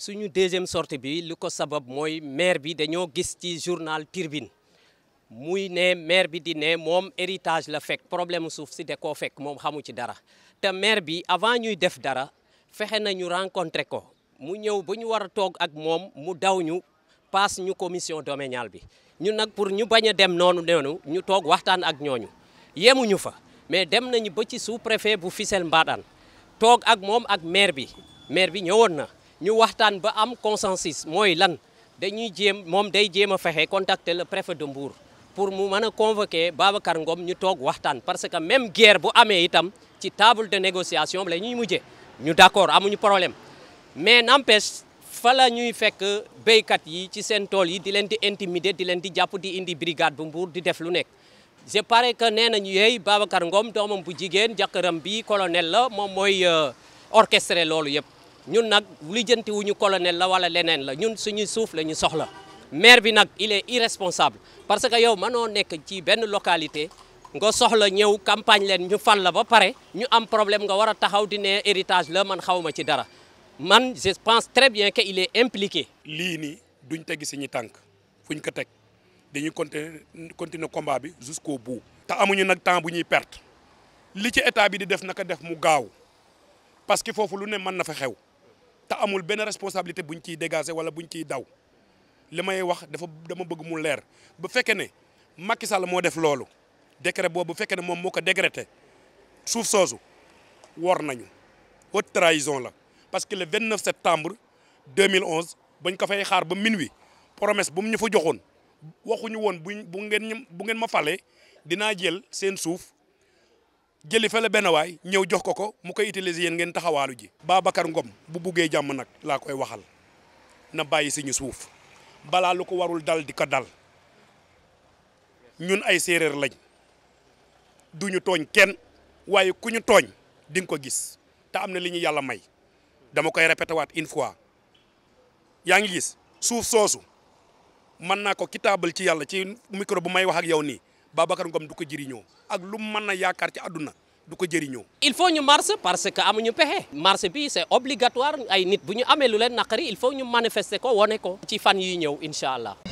suñu deuxième sortie bi luko sabab moy maire bi dañoo gis ci journal turbine muy né maire bi di né mom héritage la fek problème souf ci de koo mom xamu ci dara té maire bi avant ñuy def dara fexé nañu rencontrer ko mu ñew bu ñu wara tok ak mu ñu commission domaniale bi ñun nag pour ñu baña dem nonu nonu ñu tok waxtaan ak ñooñu yemuñu fa mais dem nañu ba ci sous préfet bu Tog mbadan tok ak mom ak maire bi maire bi ñu waxtaan ba am consensus mooy lan dañuy jéem moom day jéem a fexe contacter la préfet de Mbour pour mu mën a convoquer Babacar ñu toog waxtaan parce que même guerre bu amee itam ci table de négociation la ñuy mujje ñu d'accord amuñu problème mais n'empêche fa la ñuy fekk béykat yi ci seen tool yi di leen di intimider di leen di jàpp di indi brigade bu mbuur di def lu nekk c'est pareil que nee nañu yeey Babacar Ngom doomam bu jigeen jàkkëram bi colonel la moom mooy euh, orchestré loolu yëpp ñun nag lijjanti wuñu colonel la wala leneen la ñun suñu suuf la ñu soxla maire bi nak il est irresponsable parce que yow mënoo nek ci ben localité nga soxla ñew campagne leen ñu fan la ba paré ñu am problème nga wara taxaw di né héritage la man xawma ci dara man je pense très bien que il est impliqué. lii nii duñ ci ñi tank fuñ ko tek dañu continuer continuer combat bi jusqu'au bout. ta amuñu nak temps buñuy ñuy perte li ci état bi di def naka def mu gaaw parce que fofu lu ne man na fa xew ta amul ben responsabilité buñ ciy dégager wala buñ ciy daw limay wax dafa dama bëgg mu lèr bu féké ne Macky Sall mo def lolu décret bobu féké né ne moko moo souf décrété wor nañu haute trahison la parce que le 29 septembre 2011 bañ ko fay xaar ba minuit promesse bu mu ñu fa joxone waxu ñu won bu ngeen bu ngeen ma falé dina jël sen souf jëli fele benn waay ñëw jox ko ko mu ko utiliser yéen ngeen taxawaalu ji. Babacar Ngom bu buggee jàmm nag laa koy waxal na bàyyi suñu suuf balaa lu ko warul dal di ko dal ñun ay séeréer lañ duñu tooñ kenn waaye ku ñu tooñ di nga ko gis te am na li ñu yàlla may dama koy répété waat une fois yaa ngi gis suuf soosu mën naa ko kitaabal ci yàlla ci micro bu may wax yow nii. Babacar Ngom du ko jëriñoo ak lu mu mën a yaakaar ci àdduna du ko jëriñoo. il faut ñu marche parce que amuñu pexe. marche bi c'est obligatoire ay nit bu ñu amee lu leen naqari il faut ñu manifester ko wone ko. ci fan yi ñëw incha allah.